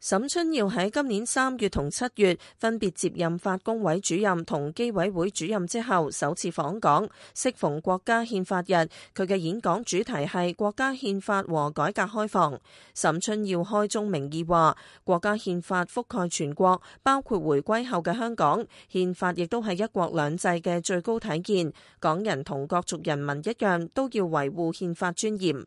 沈春耀喺今年三月同七月分別接任法工委主任同基委會主任之後，首次訪港，適逢國家憲法日，佢嘅演講主題係國家憲法和改革開放。沈春耀開宗明義話，國家憲法覆蓋全國，包括回歸後嘅香港，憲法亦都係一國兩制嘅最高體現。港人同各族人民一樣，都要維護憲法尊嚴。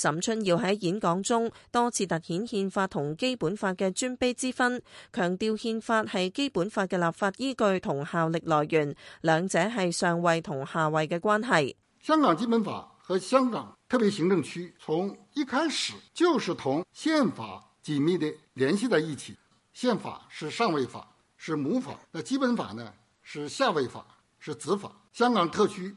沈春耀喺演講中多次突顯憲法同基本法嘅尊卑之分，強調憲法係基本法嘅立法依據同效力來源，兩者係上位同下位嘅關係。香港基本法和香港特別行政區從一開始就是同憲法緊密地聯繫在一起，憲法是上位法，是母法，那基本法呢，是下位法，是子法。香港特區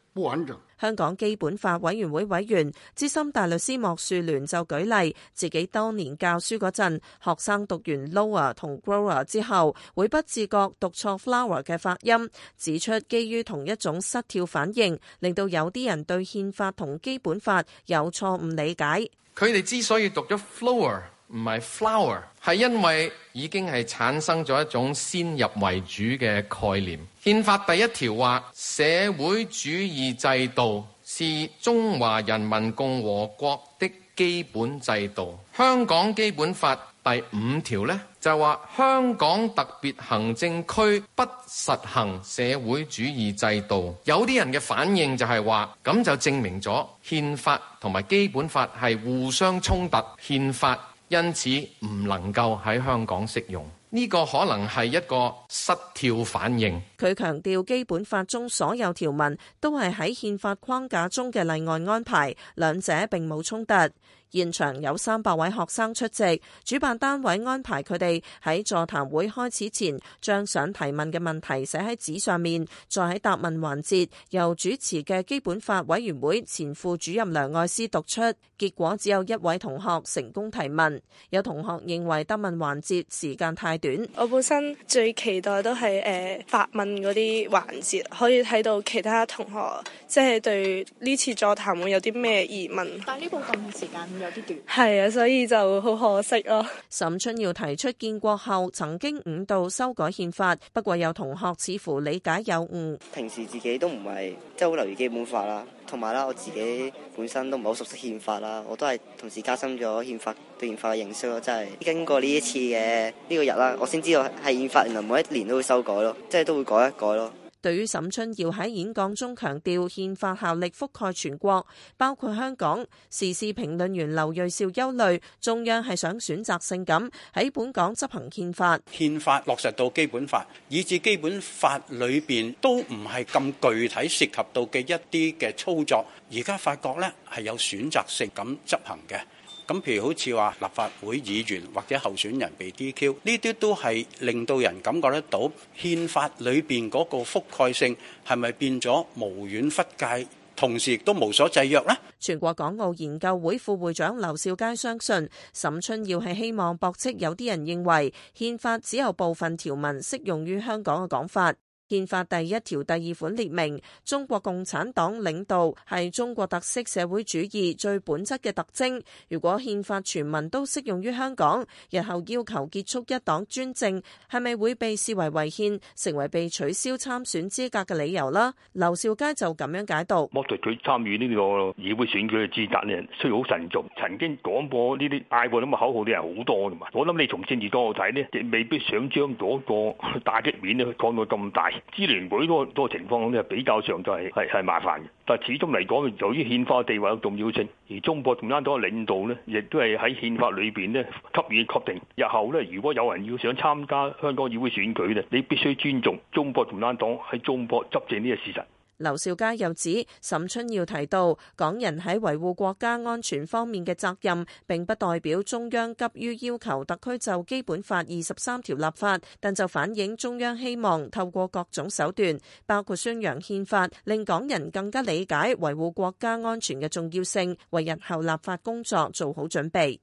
香港基本法委員會委員、資深大律師莫樹聯就舉例，自己當年教書嗰陣，學生讀完 lower 同 grower 之後，會不自覺讀錯 flower 嘅發音，指出基於同一種失調反應，令到有啲人對憲法同基本法有錯誤理解。佢哋之所以讀咗 flower，唔係 flower，係因為已經係產生咗一種先入為主嘅概念。憲法第一條話社會主義制度是中華人民共和國的基本制度。香港基本法第五條咧，就話香港特別行政區不實行社會主義制度。有啲人嘅反應就係話咁就證明咗憲法同埋基本法係互相衝突。憲法。因此唔能夠喺香港適用，呢、這個可能係一個膝跳反應。佢強調基本法中所有條文都係喺憲法框架中嘅例外安排，兩者並冇衝突。現場有三百位學生出席，主辦單位安排佢哋喺座談會開始前將想提問嘅問題寫喺紙上面，再喺答問環節由主持嘅基本法委員會前副主任梁愛詩讀出。結果只有一位同學成功提問，有同學認為答問環節時間太短。我本身最期待都係誒發問嗰啲環節，可以睇到其他同學即係、就是、對呢次座談會有啲咩疑問。但呢部咁短時間。有啲係啊，所以就好可惜咯、啊。沈春耀提出，建國後曾經五度修改憲法，不過有同學似乎理解有誤。平時自己都唔係即係好留意基本法啦，同埋啦，我自己本身都唔係好熟悉憲法啦，我都係同時加深咗憲法對憲法嘅認識咯。即係經過呢一次嘅呢個日啦，我先知道係憲法原來每一年都會修改咯，即、就、係、是、都會改一改咯。對於沈春耀喺演講中強調憲法效力覆蓋全國，包括香港，時事評論員劉瑞兆憂慮中央係想選擇性咁喺本港執行憲法。憲法落實到基本法，以至基本法裏邊都唔係咁具體涉及到嘅一啲嘅操作，而家發覺呢係有選擇性咁執行嘅。咁譬如好似話立法會議員或者候選人被 DQ，呢啲都係令到人感覺得到憲法裏邊嗰個覆蓋性係咪變咗無遠弗屆，同時亦都無所制約呢？全國港澳研究會副會長劉兆佳相信，沈春耀係希望駁斥有啲人認為憲法只有部分條文適用於香港嘅講法。憲法第一條第二款列明，中國共產黨領導係中國特色社會主義最本質嘅特徵。如果憲法全文都適用於香港，日後要求結束一黨專政，係咪會被視為違憲，成為被取消參選資格嘅理由啦？劉兆佳就咁樣解讀。剝奪佢參與呢個議會選舉嘅資格咧，需要好慎重。曾經講過呢啲嗌過咁嘅口號啲人好多㗎嘛。我諗你從政治角度睇咧，你未必想將嗰個打擊面咧擴到咁大。支聯會嗰個情況咧，比較上就係係係麻煩嘅。但始終嚟講，由於憲法的地位有重要性，而中國共產黨的領導呢，亦都係喺憲法裏面呢給予確定。日後呢，如果有人要想參加香港議會選舉呢，你必須尊重中國共產黨喺中國執政呢個事實。劉兆佳又指，沈春耀提到港人喺維護國家安全方面嘅責任，並不代表中央急於要求特區就《基本法》二十三條立法，但就反映中央希望透過各種手段，包括宣揚憲法，令港人更加理解維護國家安全嘅重要性，為日後立法工作做好準備。